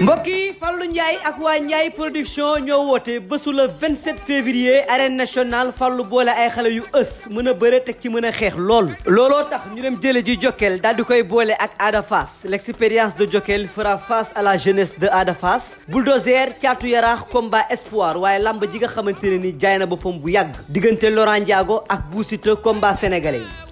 mbokk yi Fallou Ndiaye ak waa Ndiaye production ñoo woote bésu le 27 février arène nationale Fallou boole ay xale yu ës mën a bëre teg ci mën a xeex lool. looloo tax ñu dem jële ji Jokal daal di koy boole ak Ada Fass l'expérience de Jokal fera face à la jeunesse de Ada Fass bulldozer caatu yaraax combat espoir waaye làmb ji nga xamante ne ni jaay na boppam bu yàgg diggante Laurent Ndiago ak Bou Siteu combat yi.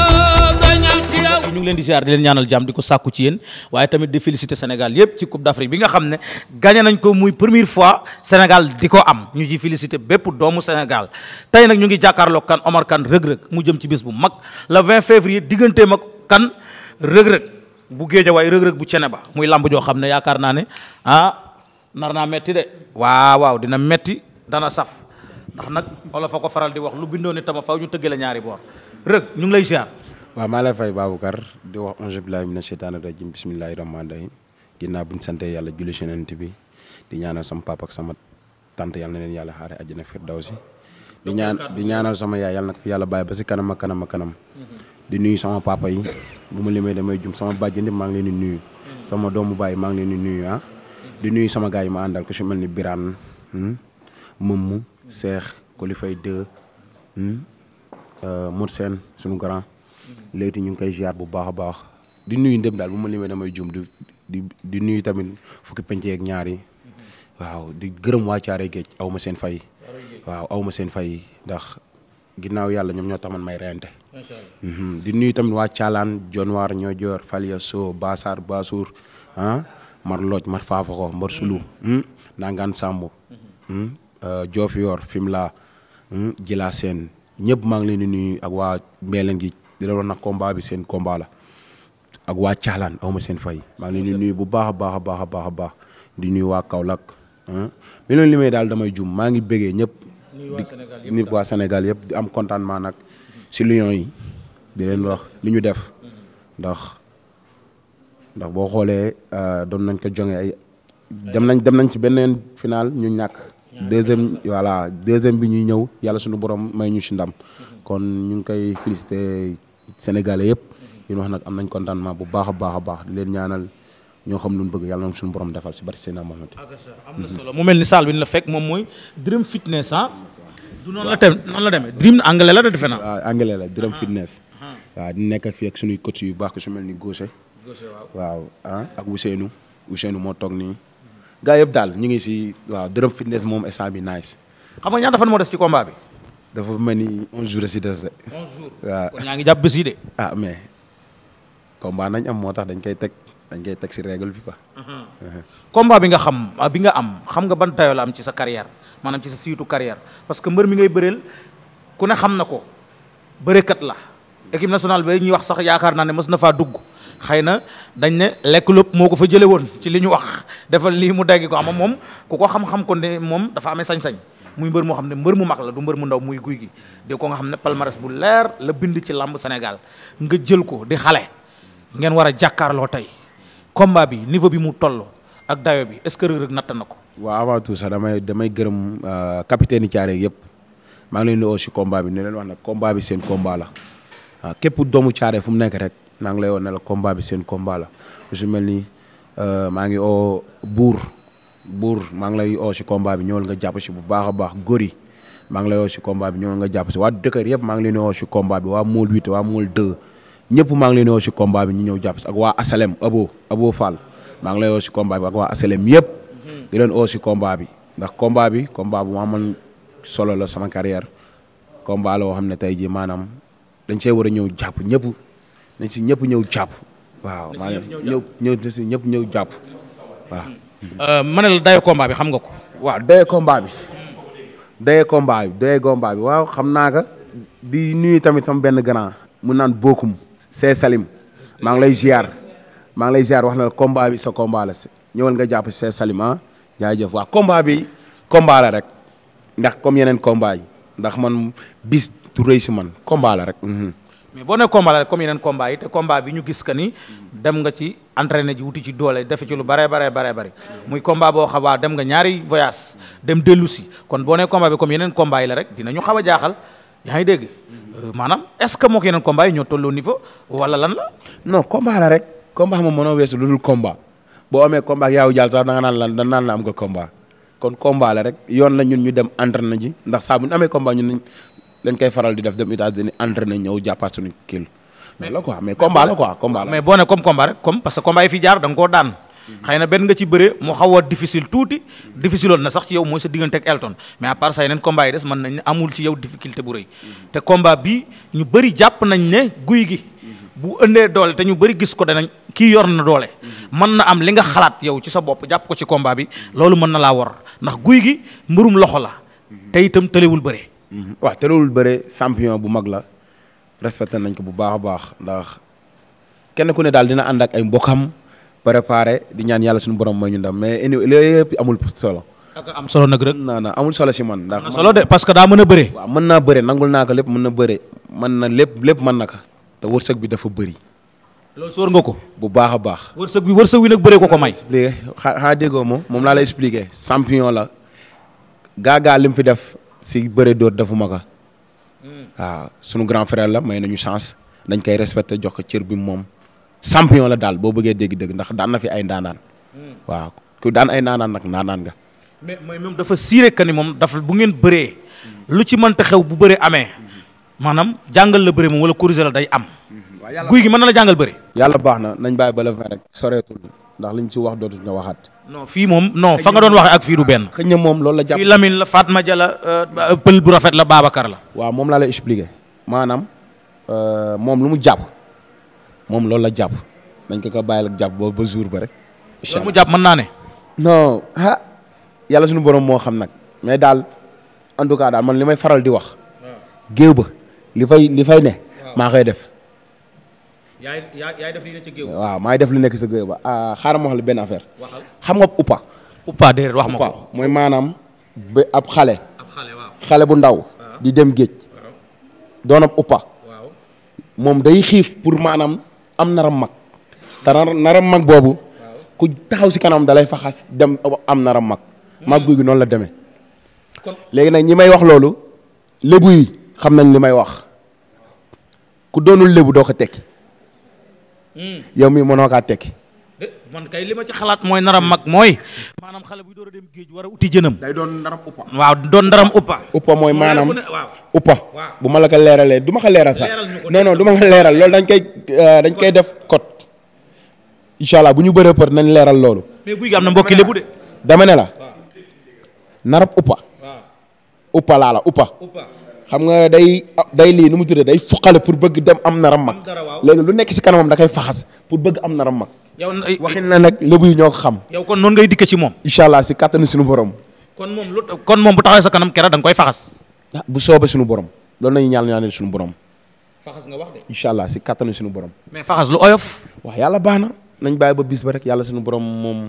waaw ñu ngi leen di ziar di leen ñaanal jàmm di ko sàkku ci yéen waaye tamit di féliciter Sénégal yëpp ci Coupe d'Afrique bi nga xam ne gagné nañ ko muy première fois Sénégal di ko am ñu ci féliciter bépp doomu Sénégal tey nag ñu ngi jàkkaarloo kan Omar Kane rëg-rëg mu jëm ci bis bu mag le 20 février digganteem ak kan rëg-rëg bu Guédiawaye rëg-rëg bu cene ba muy lamb joo xam ne yaakaar naa ne ah nar naa metti de waaw waaw dina metti dana saf ndax nag olof a ko faral di wax lu bindoo ni tama faw ñu tëggee la ñaari boor lay waaw maa lay fay Babacar di wax auzu billaahi mina sheytaani rajiim bismillaahi rahmaani rahiim ginnaaw bu ñu sante yàlla julli ci Yonent bi di ñaanal sama papa ak sama tant yàlla na leen yàlla xaare àjjana firdawsi di ñaan di ñaanal sama yaay yàlla nag fi yàlla bàyyi ba si kanam ak kanam kanam mhm. di nuyu sama papa yi bu ma limee damay jum sama bàjjandi maa ngi leen di nuyu mhm. sama doomu baay maa ngi leen di nuyu ah di nuyu sama gars yi ma àndal ku si mel ni Birane Momu hmm, Seex mhm. Kolifay 2 hmm, euh, Mour Sène sunu grand Leyti ñu ngi koy ziar bu baax a baax di nuyu dem daal bu ma limee damay jum di di nuyu tamit fukki penc ñaari ñaar waaw di gërëm waa Caare Géej aw ma seen fay. waaw aw seen fay ndax ginnaaw yàlla ñoom ñoo tax may reyante. Mhm. di nuyu tamit waa Caalaan Jonwaar ñoo joor Falia So Basar Basuur ah Mar Lodj Mar Faafako Mbar Sulu. Hmm, Nangaan Samb. Hmm, euh, Joof Yor Fimela. Hmm, seen ñëpp maa leen di nuyu ak waa Mbeelen gi di la nag combat bi seen combat la ak waa Caalaan awma seen fay maa ngi leen di bu baax a baax a baax a baax a baax di nuyu waa Kaolack mi loolu li may daal damay jum maa ngi bëggee ñëpp di yëpp di am contentement nag si Lions yi di li ñu def ndax ndax boo xoolee euh, doon nañ ko jonge ay dem nañ dem nañ ci beneen final ñu ñàkk deuxième voilà deuxième bi ñuy ñëw yàlla sunu borom may ñu si ndam mhm. kon ñu ngi koy félicité Sénégalais yëpp yéen wax nag am nañ contentement bu baax a baax a baax di leen ñaanal ñoo xam lu ñu bëgg yàlla na suñu borom defal si bari seen amam am na mu mel ni salle bi ñu la fekk moom mooy Dream Fitness ah. du noonu la tamit noonu la demee anglais la da defe naa. waaw ah, anglais la Dream ah, Fitness. Ah. waaw di nekk fii ak suñuy coach yu baax ku mel ni Gaucher. waaw ah ak Ousseynou Ousseynou moo toog nii. gaa yëpp daal ñu ngi si waaw Dream Fitness moom instant bi nice. xam nga ñaata fan moo des ci combat bi. dafa mel ni un jour si des de. un jour ñaa ngi jàpp bés de. ah mais combat nañ am moo tax dañ koy teg dañ koy teg si règle bi quoi. Mhm. Mhm. combat bi nga xam ah, bi nga am xam nga ban tayoo la am ci sa carrière maanaam ci sa siitu carrière parce que mbër mi ngay bëreel ku ne xam na ko bërekat la équipe nationale ba ñuy wax sax yaakaar naa ne mës na faa dugg. xëy na dañ ne lekk lopp moo ko fa jëlee woon ci li ñu wax defal lii mu daggi ko ama moom ku ko xam-xam moom dafa amee sañ-sañ. muy mbër moo xam ne mbër mu mag la du mbër mu ndaw muy guy gi di ko nga xam ne palmarès bu leer la bind ci làmb Sénégal nga jël ko di xale ngeen war a jàkkaarloo tey combat bi niveau bi mu toll ak dayo bi est-ce que natt na ko. waaw avant tout sax damay damay gërëm euh, capitaine Thiaré yëpp maa ngi leen di woo bi ne leen wax nag combat bi seen combat la waaw képp doomu Thiaré fu mu nekk rek maa lay woo ne la bi seen combat la mel ni euh, maa ngi oo buur. buur maa ngi lay oo si combat bi ñëwal nga jàpp si bu baax a baax góri maa ngi lay oo si combat bi ñëwal nga jàpp si waa dëkkër yëpp maa ngi leen oo si combat bi waa mool 8 waa mool 2 ñëpp maa ngi leen oo si combat bi ñu ñëw jàpp si ak waa asalem abo abo fall maa ngi lay oo si combat bi ak waa asalem yëpp di leen oo si combat bi ndax combat bi combat bu ma amoon solo la sama carrière combat la woo xam ne tey jii maanaam dañ cee war a ñëw jàpp ñëpp dañ si ñëpp ñëw jàpp waaw maa ñëw ñëw si ñëpp ñëw jàpp waaw Euh, ma ne la bi xam nga ko. waaw dayo combat bi. dayo combat bi waaw xam naa ko di nuyu tamit sama benn grand mu naan bokkum see Salim maa ngi lay ziar maa ngi lay ziar wax na la combat bi sa combat la ñëwal nga jàpp see Salim ah jaajëf waaw combat bi combat rek ndax comme yeneen combat ndax man bis du si man combat la rek. Mhm. mais boo ne combat la rek comme yeneen combat te combat bi ñu gis que ni dem nga ci entraîné ji wuti ci doole defe ci lu bare bare bare bare muy combat boo xam dem nga ñaari voyage dem dellu si kon boo ne combat bi comme yeneen combat la rek dinañu xaw a jaaxal yaa ngi dégg euh, maanaam est-ce que moo ko yeneen combat yi ñoo tolloo niveau wala lan la non combat la rek combat moom mënoo weesu lu dul combat boo amee combat ak yaaw jaal sax da naan lan da naan la am nga combat kon combat rek yoon la ñun ñu dem entraîné ji ndax saa bu ñu amee combat lañ koy faral di def dem États-Unis entraîné ñëw jàppaat suñu kil loolu la quoi mais combat la quoi combat la mais boo ne comme combat rek comme parce que combat yi fi jaar da nga koo daan xëy na benn nga ci bëree mu xaw a difficile tuuti difficile na sax ci yow mooy sa diggante ak Elton mais à part ça yeneen combat yi des mën nañ amul ci yow difficulté bu rëy te combat bi ñu bëri jàpp nañ ne guy gi bu ëndee doole te ñu bëri gis ko danañ kii yor na doole mën na am li nga xalaat yow ci sa bopp jàpp ko ci combat bi loolu mën na laa war ndax guy gi mbirum loxo la te itam tëlewul bëre Mm-hmm. waaw te loolu bëre sampion bu mag la respecté nañ ko bu baax a baax ndax kenn ku ne daal dina ànd ak ay mbokkam préparé di ñaan yàlla suñu borom mooy ñu ndam mais léegi yëpp amul solo. am solo nag rek. naa non amul solo si man. ndax solo de parce que daa mën a bëre. waaw mën naa bëre nangul naa ko lépp mën na bëre mën na lépp lépp mën na ko te wërsëg bi dafa bëri. loolu sóor nga ko. bu baax a baax. wërsëg bi wërsëg wi nag bëree ko ko may. expliqué xaa déggoo moom laa la expliqué sampion la gaa li mu fi def si bëre dóor defuma ko waaw sunu grand frère la may nañu chance dañ koy respecté jox ko cër bi moom champion la daal boo bëggee dégg-dëgg ndax daan na fi ay ndaanaan waaw ku daan ay ndaanaan nag ndaanaan nga. mais mais moom dafa siire que ni moom dafa bu ngeen bëree lu ci mënta xew bu bëree amee maanaam jàngal la bëri moom wala corriger la day am. guy gi mën na la jàngal bëri. yàlla baax na nañ bàyyi ba le vingt rek soreetul ndax liñ ci wax dootuñ nga waxaat. non fii moom non fa nga doon waxee ak fii du benn. xëy na moom loolu la jàpp fii Lamine la Fatma Dia la euh, pël bu rafet la Babacar la. waaw moom laa lay expliquer maanaam euh, moom lu mu jàpp moom loolu la jàpp dañ ko ko bàyyil ak jàpp boobu ba jour ba rek. incha mu jàpp man naa ne. non ah yàlla suñu borom moo xam nag mais daal en tout cas daal man li may faral di wax. géew ba li fay li fay ne. maa koy def. yaay yaay def li nekk waaw maay def li nekk sa géew ba ah, xaaral ma wax la benn affaire. xam nga uppa. uppa déedéet wax ma ko. mooy maanaam ba ab xale. xale bu ndaw. Ah. di dem géej. doon ab uppa. moom day xiif pour maanaam am naram mag. te naram mag boobu. ku taxaw si kanam dalay faxas dem am naram mag. Hmm. mag guy gi noonu la demee. kon léegi nag ñi may wax loolu. lébu yi xam nañ li may wax. ku doonul lébu doo ko tekki. Hmm. yow mii mënoo kaa tekki. man kay li ma ci xalaat mooy naram mag mooy. maanaam xale buy door a dem géej war a uti jënam. day doon naram uppa. waaw doon daram uppa. uppa mooy maanaam uppa. bu ma la ko leeralee du ma ko leeral sax. non non du ma ko leeral loolu dañ koy euh, dañ koy def code. incha allah bu ñu bëree për nañ leeral loolu. mais guy gi am na mbokki lébu dama ne la. narab uppa. uppa laa la uppa. xam nga day day lii nu mu tuddee day fuqale pour bëgg dem am naram mag léegi lu nekk si kanamam da koy faxas pour bëgg am naram mag. yow waxin la nag lébu ñoo ko xam. yow kon noonu ngay dikkee ci moom. incha allah si kattanu suñu borom. kon moom moom bu taxawee sa kanam keroog da nga koy faxas. ah bu soobee suñu borom loolu nañu ñaan ñaanal suñu borom. faxas nga wax de. incha allah si kattanu suñu borom. mais faxas lu oyof. waaw yàlla baax na nañ ba bis ba rek yàlla suñu borom moom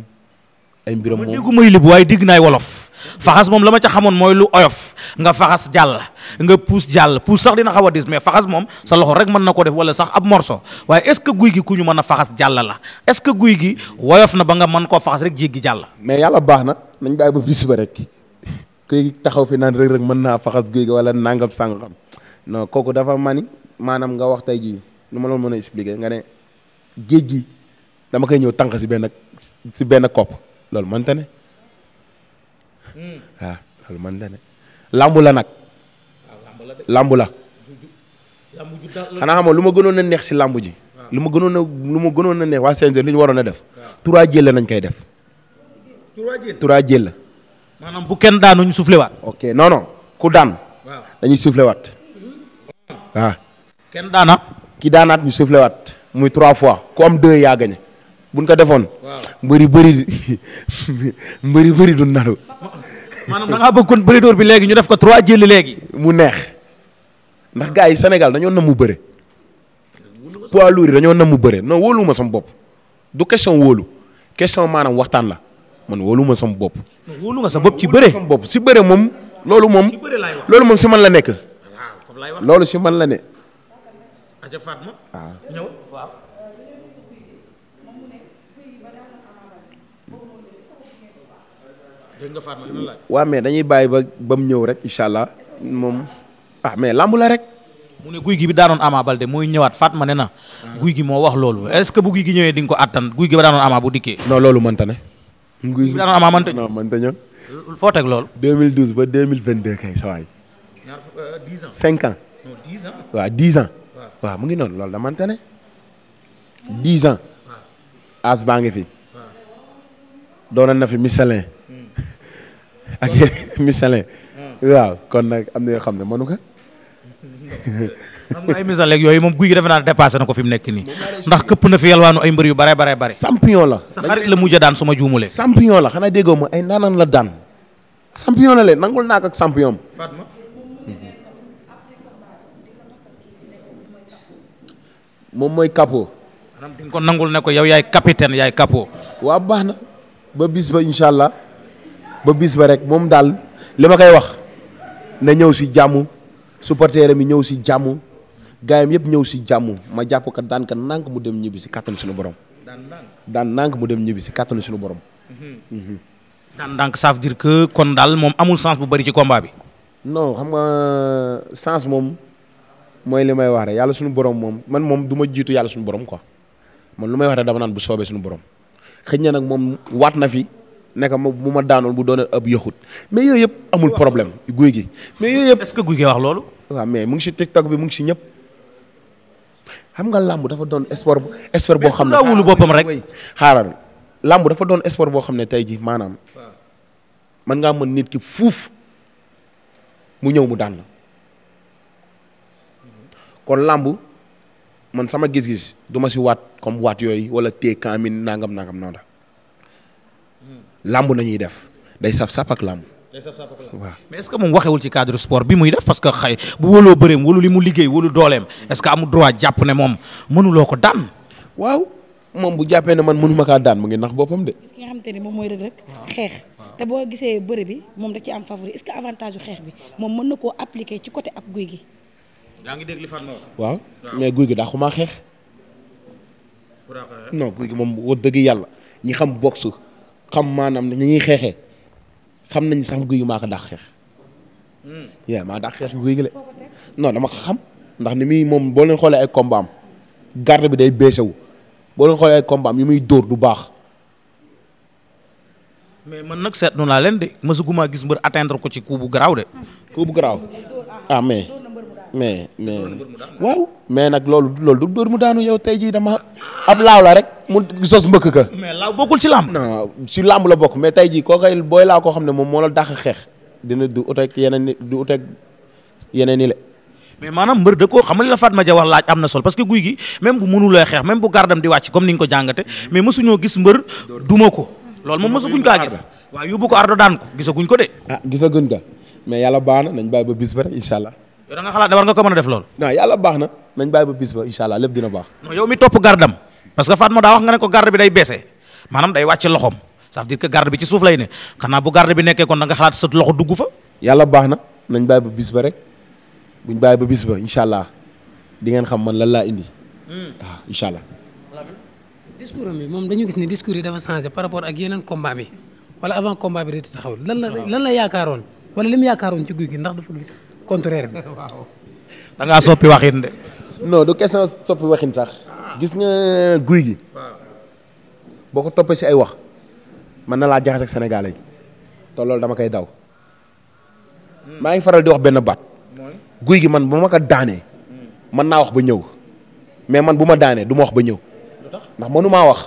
ay mbiram moom déggu may lib waaye dégg naay wolof faxas moom la ma ca xamoon mooy lu oyof nga faxas jàll nga puus jàll puus sax dina xaw a dis mais faxas moom sa loxo rek mën na ko def wala sax ab morso waaye est ce que guy gi ku ñu mën a faxas jàll la est ce que guy gi woyof na ba nga mën koo faxas rek jéggi jàll. mais yàlla baax na nañ bàyyi ba bis ba rek kuy taxaw fi naan rek rek mën naa faxas guy gi wala nangam sàngam non kooku dafa mani maanaam nga wax tey jii nu ma la mën a expliquer nga ne géej gi dama koy ñëw tànq si benn si benn kopp. loolu mënta ne waaw hmm. ah, loolu la nag. Ah, làmb la. xanaa xam lu ma gënoon a neex si làmb ji. Ah. lu ma gënoon a lu ma gënoon a neex waa CNG li waroon a def. trois jël la nañ koy def. trois jël la. bu kenn daanu ñu soufflé waat. ok non ku daan. dañuy soufflé hmm. kenn daanaat. ki daanaat ñu soufflé waat muy trois fois ku am deux yaa gagné. buñ ko defoon. waaw mbëri bëri mbëri bëri du naru. maanaam da ngaa bëgg kon bëri door bi léegi ñu def ko trois jëli léegi. mu neex ndax gars yi Sénégal dañoo nam mu bëre. poids lourd yi dañoo nam mu bëre wolu ma sama bopp du question wóolu question maanaam waxtaan la man wóoluwuma sama bopp. wóolu nga bopp ci bëre sama si bëre moom. loolu moom loolu moom si man la nekk. Ah, loolu si man la ne. dégg nga Fatma dañuy bàyyi ba ba mu ñëw rek incha allah moom ah mais lamb la rek. mu ne guy gi bi daanoon Ama Baldé mooy ñëwaat Fatma ne na. guy gi moo wax loolu est ce que bu guy gi ñëwee di nga ko attan guy gi ba daanoon Ama bu dikkee. non loolu mënta ne. guy gi daanoon Ama mënta ñëw non mënta ñëw. foo teg loolu. 2012 ba 2022 kay sa waay. ñaar euh, cinq ans. non dix ans. waaw dix ans. waaw mu ngi noonu loolu da mënta ne. dix ans. as baa ngi fi. doonoon na fi Michelin. Hmm. ak waaw kon nag am na yoo xam ne manu ko. xam nga ay Michelin yooyu moom guy gi defe naa dépassé na ko fi mu nekk nii. ndax këpp na fi yalwaanu ay mbër yu bare bare bare. champion la. sa xarit la mujj a daan suma juumulee. champion la xanaa déggoo ma ay naanaan la daan. champion la leen nangul naa ko ak moom mooy capot. maanaam ko nangul ne ko yow yaay capitaine yaay capot. waa baax na ba bis ba incha allah. ba bis ba rek moom daal li ma koy wax na ñëw si jàmm supporteram yi ñëw si jàmm gaayam yëpp ñëw si jàmm ma jàpp kat daan ka nànk mu dem ñibbi si kàttanu suñu borom. daan nànk mu dem ñibbi si kàttanu suñu borom. Mhm. Mhm. daan nànk ça veut dire que kon daal moom amul sens bu bari ci combat bi. non xam nga euh, sens moom mooy li may wax rek yàlla suñu borom moom man moom du ma jiitu yàlla suñu borom quoi man lu may wax rek dama naan bu soobee suñu borom xëy na nag moom waat na fi. nekk ma bu ma daanoon bu doon ab yëxut mais yooyu yëpp amul problème guy gi. mais yooyu yëpp est que guy gi wax loolu. mais mu ngi si TikTok bi mu ngi si ñëpp xam nga làmb dafa doon sport sport boo xam ne mais wulu boppam rek. xaaral làmb dafa doon sport boo xam ne tey jii maanaam. man ngaa man nit ki fuuf mu ñëw mu daan la kon làmb man sama gis-gis du ma si waat comme waat yooyu wala téye kaamin nangam nangam noonu la. làmb nañuy def day saf sap ak làmb. day saf sap ak làmb waaw. mais est ce que moom waxewul ci cadre sport bi muy def parce que xëy bu wóoloo bëreem wóolu li mu liggéey wóolu dooleem est ce que amul droit jàpp ne moom mënuloo ko daan. waaw moom bu jàppee ne man mënuma kaa daan mu ngi nax boppam nga xamante ni moom mooy rëg rek xeex te boo gisee bëre bi moom da ci am favori est-ce que avantage xeex bi moom mën na koo appliquer ci côté ak guy gi. yaa ngi dégg li Fatma waaw mais guy gi daa xumaa xeex. non guy gi moom wax dëgg yàlla ñi xam boxe xam maanaam ni ñuy xeexee xam nañ sax guy yu maa ko dàq xeex. Hmm. yaa maa dàq xeex guy gi la non dama xam ndax ni muy moom boo leen xoolee ay combat garde bi day baissé wu boo leen xoolee ay combat yi muy dóor du baax. mais man nag seetlu naa leen de mësuguma gis mbër atteindre ko ci coup bu garaaw de. coup bu garaaw ah mais. mais mais mais nag loolu loolu du dóor mu daanu yow tey jii dama ab laaw la rek mu sos mbëkk ka. mais laaw bokkul ci làmb. non ci la bokk mais tey jii koo koy booy laaw koo xam ne moom moo la dax xeex dina du ut ak yeneen ni du la. mais maanaam mbër da koo xamal la Fatma Dia wax laaj am na sol parce que guy gi même bu mënuloo xeex même bu gardam di wàcc comme ni nga ko jàngate mais mësuñoo gis mbër duma ko. loolu moom mësaguñ kaa gis waaw yóbbu ko ardo daan ko gisaguñ ko de. ah gisaguñ ka mais yàlla baax na nañ bàyyi ba bis ba rek incha allah yow xalaat ne war nga ko mën a def loolu. non yàlla baax na nañ bàyyi ba bis ba incha allah lépp dina baax. non yow mi topp gardam parce que Fatma daa wax nga ne ko garde bi day baissé maanaam day wàcc loxoom ça dire que garde bi ci suuf lay ne da nga xalaat sa loxo dugg fa. yàlla baax ba bis ba rek buñ bàyyi ba bis ba incha allah di ngeen xam man lan indi. waaw hmm. ah, allah. discours am moom dañu gis ne discours yi dafa changé par rapport ak yeneen combat mi wala avant combat bi da taxaw lan la lan yaakaaroon wala lim yaakaaroon ci guy gi ndax dafa contraire bi. waaw da ngaa soppi waxin de. non du question soppi waxin sax. gis nga guy gi. boo ko toppee si ay wax. mën na laa jaxase ak sénégalais yi. te loolu dama koy daw. Hmm. maa ngi faral di wax benn baat. guy gi man bu ma ko daanee. Hmm. mën naa wax ba ñëw. mais man bu ma daanee du ma wax ba ñëw. ndax mënu maa wax.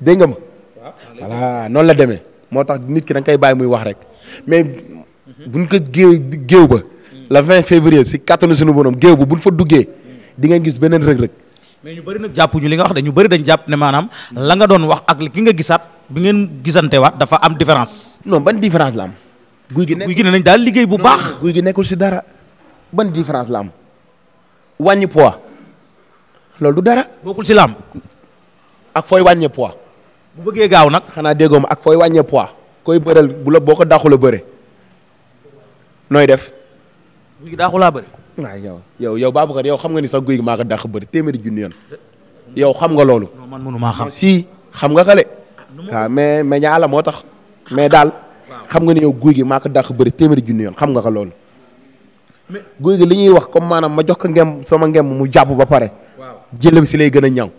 dégg nga ma. voilà noonu la demee. moo tax nit ki da nga koy bàyyi muy wax rek buñ ko géew géew ba mm. le 20 février si kattanu suñu borom géew ba buñ fa duggee mm. di nga gis beneen rëg-rëg mais ñu bari nag jàppuñu li nga wax de ñu bëri dañ jàpp ne maanaam la nga doon wax ak ki nga gisaat bi ngeen gisante waat dafa am différence non ban différence la am guy gi guy gi ne nañ daal liggéey bu baax guy gi nekkul si dara ban différence la am wàññi poids loolu dara bokkul si làmb ak fooy wàññee poids bu bëggee gaaw nag xanaa déggoom ak fooy wàññee poids koy bu la boo ko dàqu la bëre nooy def. guy gi daaxu laa bëri. waaw yow yow yow Babacar yow xam nga ni sax guy gi maa ko dàq bëri téeméeri junni yoon yow xam nga loolu. man mënu maa xam si xam nga kale. Ah, mais mais ñaala moo tax mais daal. xam nga ni yow guy gi maa ko bëri téeméeri junni yoon xam nga ko loolu. mais guy li ñuy wax comme maanaam ma jox ko ngem sama ngem mu jàpp ba pare. waaw jël bi si lay gën a ñaw.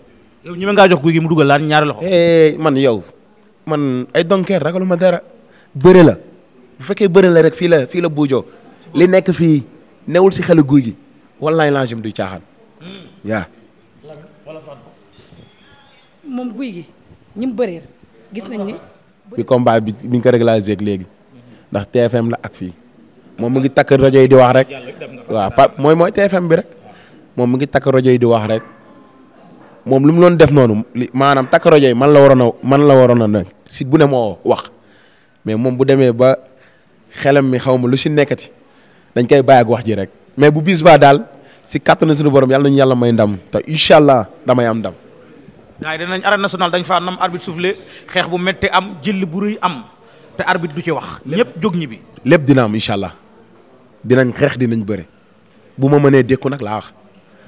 yow ñi ma ngaa jox guy gi mu dugal laal ñaari loxo. Eh, man yow man ay donkeer ragalu ma dara bëre la. bu fekkee bëri la rek fii la fii la buujoo li nekk fii newul si xelu guy gi wallaay laajum du caaxaan yaa gis nañ ni. bi combat bi bi léegi ndax TFM la ak fii moom mu ngi takk rajo yi di wax rek mooy mooy bi rek moom mu ngi takk rajo yi di wax rek moom lu mu doon def noonu li maanaam takk rajo yi man la waroon a man la waroon a nag si bu ne moo wax mais moom bu demee ba. xelam mi xaw ma lu si nekkati dañ koy bàyyi ak wax ji rek mais bu bis baa daal si kàttanu suñu borom yàlla ñu yàlla may ndam te incha allah damay am ndam. gars yi danañ arène nationale dañ faa nam arbitre soufflé xeex bu métti am jël bu rëy am te arbitre du wax. ñëpp jóg ñi bi lépp dina am allah dinañ xeex dinañ bëre bu ma mënee dékku nag laa wax.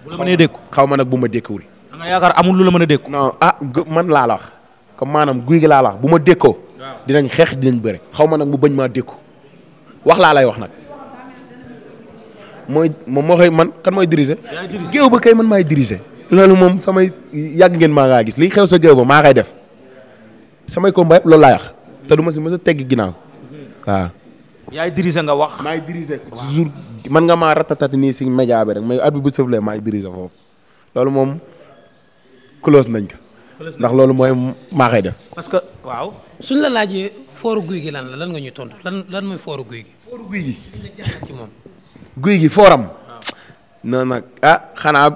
bu la mënee xaw ma nag bu ma dékkuwul. da yaakaar amul lu la mën a dékku. non ah man laa wax comme maanaam guy gi laa la bu ma dékkoo. dinañ xeex dinañ bëre xaw ma nag mu bañ maa dékku wax laa lay wax nag mooy moom moo koy man kan mooy diriger. géew ba kay man maay diriger. loolu moom samay yàgg ngeen maa ngaa gis liy xew sa géew ba maa koy def samay combat lool loolu laay wax te du ma si mës a tegg ginnaaw waaw. yaay diriger nga wax. maay diriger toujours man nga maa ratatati nii si média bi rek mais at bi bu sëflee maay diriger foofu loolu moom close nañ ko. ndax loolu mooy maa koy def. parce que waaw. suñ la laajee fooru guy gi lan la lan nga ñu tontu lan lan mooy fooru guy gi. guy gi. fooram. non nag ah, xanaa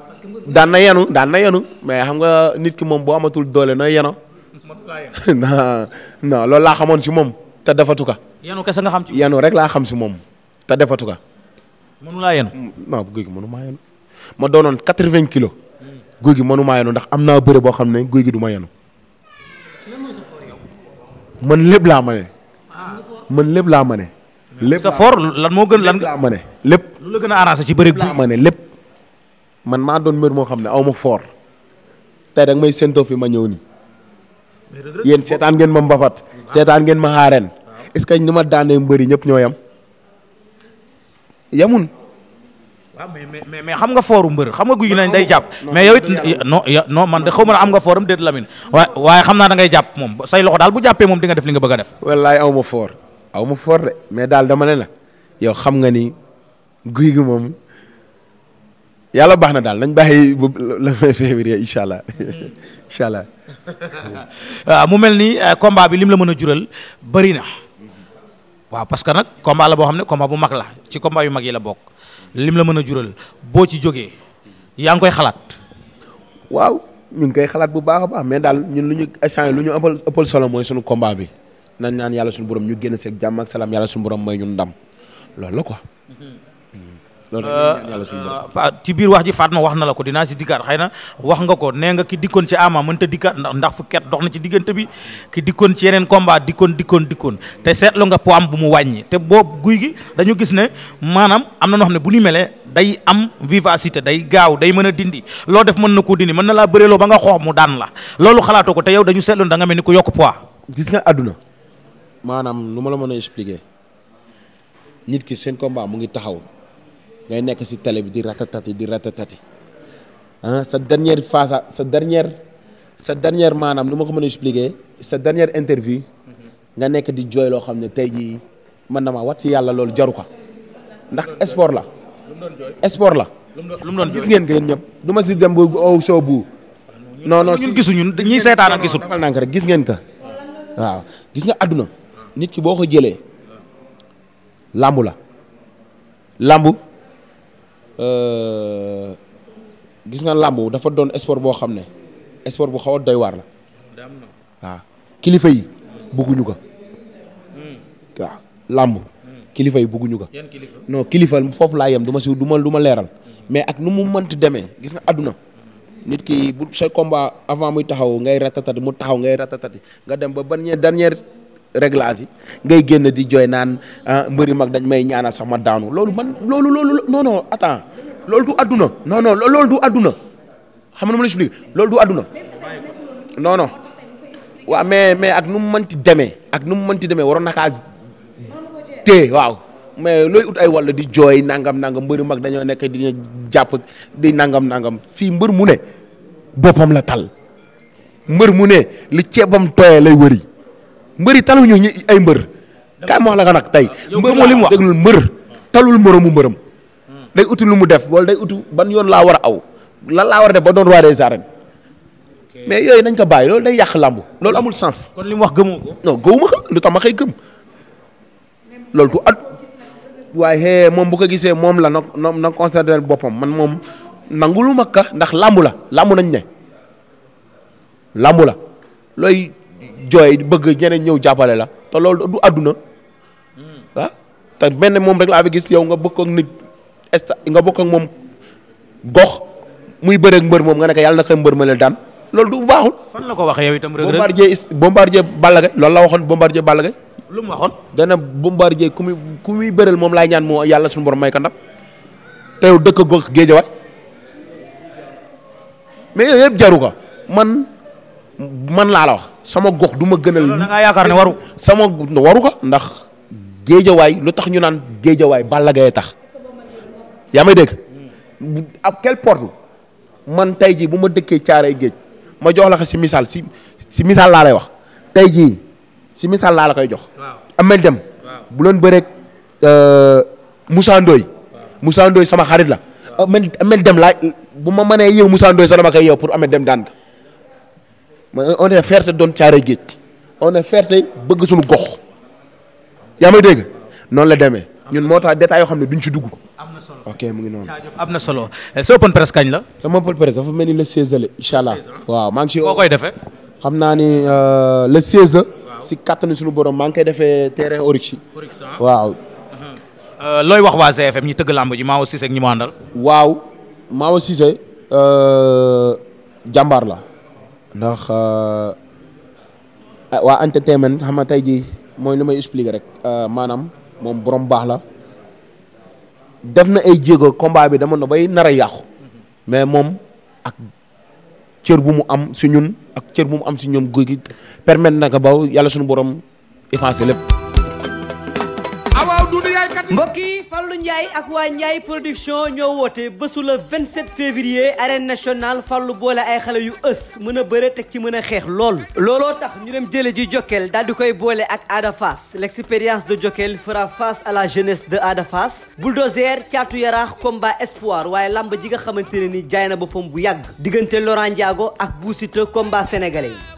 daan na yenu daan na yenu mais xam nga nit ki moom boo amatul doole nooy yeno non non loolu laa xamoon si moom te defatu ka. yenu kese nga xam ci yenu rek laa xam si moom te defatu ka. mënu laa yenu. non guy gi mënu maa yenu ma doonoon quatre-vingts kilos. guy gi mënu maa yenu ndax am naa bëre boo xam ne guy gi du ma yenu man lépp laa ma ne ah. man lépp laa ma ne lépp sa for lan moo gën lan laa ma ne lu la gën a arrangé ci bëri laa ma ne lépp man maa doon mbër moo xam ne aw ma foor tey da nga may séntoo fi ma ñëw ni yéen seetaan ngeen ma mbapat seetaan ngeen ma xaareen est-ce que ni ma daanee mbëri ñëpp ñoo yam yamun waaw mais mais mais xam nga fooru mbër xam nga guy gi nañ day jàpp mais yow it non man de xaw ma am nga fooram déet Lamine waaye waaye xam naa da ngay jàpp moom say loxo daal bu jàppee moom di nga def li nga bëgg a def wallaay aw ma foor aw ma foor de mais daal dama ne yow xam nga ni guy gi moom yàlla baax na daal nañ bàyyi bu la allah incha mu mel ni euh, combat bi lim la mën a jural bëri na waaw parce que nag combat la boo xam ne combat bu mag la ci combat yu mag yi la bokk lim la mën a jural boo ci jógee yaa ngi koy xalaat. waaw ñu ngi koy xalaat bu baax a baax mais daal ñun lu ñu échange lu ñu ëppal ëppal solo mooy suñu combat bi nañ naan yàlla suñu borom ñu génn seeg jàmm ak salaam yàlla suñu borom mooy ñun ndam loolu la ko Euh, euh, ci biir wax ji Fatma wax na la ko dinaa ci dikkaat xay na wax nga ko nee nga ki dikkoon ci ama mënta dikkaat ndax ndax fukket dox na ci diggante bi ki dikkoon ci yeneen combat dikkoon dikkoon dikkoon te seetlu nga poids bu mu wàññi te boobu guy gi dañu gis ne maanaam am na nox xam ne bu ñu mele day am vivacité day gaaw day mën a dindi loo def mën na koo dindi mën na laa bëreeloo ba nga xoox mu daan la loolu xalaatoo ko te yow dañu seetlu da nga ni ku yokk poids gis nga àdduna maanaam nu ma la mën a expliquer nit ki seen combat mu ngi taxaw ngay nekk si télé bi di ratatati di ratatati ah sa dernière phase sa dernière sa dernière maanaam lu ma ko mën a expliquer sa dernière interview nga nekk di jooy loo xam ne tey jii man na maa wat si yàlla loolu jaru ko ndax sport la. sport la. lu mu gis ngeen ko yéen ñëpp du ma si dem bu aw show bu. non non ñun gisuñu ñi seetaan ak gisul. defal nank rek gis ngeen ka waaw gis nga àdduna nit ki boo ko jëlee làmbu la lambu. Euh, gis nga làmb dafa doon sport boo xam ne sport bu xaw a doy waar la waaw kilifa yi bëgguñu ko hmm. waaw làmb hmm. kilifa yi ñu ko non kilifa foofu laa yem du ma si du ma du ma leeral hmm. mais ak nu mu mënt demee gis nga àdduna nit ki bu sa combat avant muy taxaw ngay ratatati mu taxaw ngay ratatati nga dem ba ban dernier réglage yi ngay génn di jooy naan ah, mbëri mag dañ may ñaanal sax ma daanu loolu man loolu loolu non non loolu du adduna non non loolu du adduna xam nga ma la expliqué loolu du adduna non non mais mais ak nu mu mënti demee ak nu mu mënti demee waroon na kaa tee waaw mais looy ay walla di jooy nangam nangam mbëri mag dañoo nekk di jàpp di nangam nangam fii mbër mu ne boppam la tal mbër mu ne li ceebam tooyee lay wëri. mbër mbëri taluñu ñu ay mbër. kaay ma wax la ko nag tey. mbër moo li mu wax mbër talul mu mbërëm. Hmm. day uti lu mu def wala day uti ban yoon laa war a aw lan laa war a def ba doon roi des arènes mais yooyu nañ ko bàyyi loolu day yàq làmb loolu amul sens. kon li mu wax gëmoo ko. non gëwuma lu tax ma xëy waaye moom bu ko gisee moom la na na na considéré boppam man moom nangulu ma ka ndax làmbu la làmbu nañ ne làmbu la jooy bëgg ñeneen ñëw jàppale la te loolu du àdduna hmm. ah te benn moom rek laa fi gis yow nga bokk ak nit est nga bokk ak moom gox muy bëreeg mbër moom nga ne yàlla na ko mbër ma leen daan lool du baaxul. fan la ko waxee yow itam. rëdd bombardier is bombardier Balla Gaye loolu la waxoon bombardier Balla lu mu waxoon. dana bombardier ku muy ku muy bëral moom laay ñaan moo yàlla su borom may ko te yow dëkk gox géejawaay mais yooyu jaru ko man. man laa la wax sama gox du ma gënal. loolu da yaakaar ne waru. sama waru ko ndax géejawaay lu tax ñu naan géejawaay bala Gaye tax yaa may dégg. ab quelle porte man tey jii bu ma dëkkee caaray géej ma jox la ko si misaal si si misaal laa lay wax tey jii si misaal laa la koy jox. amel dem. bu loon bëreeg euh, Moussa Ndoye. Moussa Ndoye sama xarit la. amel dem laa bu ma mënee yow Moussa Ndoye sax dama koy yow pour amel dem daan ka man on est doon caare géej on est fierté bëgg suñu gox yaa ma dégg noonu la demee ñun moo tax détails yoo xam ne duñ ci dugg. am na solo ok mu ngi noonu. am na solo eh, sa open kañ la. sama open press dafa mel ni le 16 la incha allah. waaw maa ngi koy defee. xam naa ni euh, le 16 si kattanu suñu borom maa ngi koy defee terrain Oryx. waaw. Uh-huh. Uh, looy wax waa GFM tëgg làmb ji Maodo Cissé ak ñi mu àndal. waaw Maodo euh, jàmbaar la. ndax euh, ah, waa entertainment xam nga tey jii mooy lu may expliquer rek euh, maanaam moom borom baax la def na ay jéego combat bi dama na bay nar a yàqu mais moom ak cër bu mu am si ñun ak cër bu mu am si ñoom guy gi permettre na ko ba yàlla suñu borom effacer lépp. mbokk yi Fallou Ndiaye ak waa Ndiaye production ñoo woote bésu le 27 février arène nationale Fallou boole ay xale yu ës mën a bëre teg ci mën a xeex lool. looloo tax ñu dem jële ji Jokal daal di koy boole ak adafas Fass expérience de Jokal fera face à la jeunesse de Ada Fass bulldozer caatu yaraax combat espoir waaye làmb ji nga xamante ne ni jaay na boppam bu yàgg diggante Laurent Ndiago ak Bou Siteu combat yi.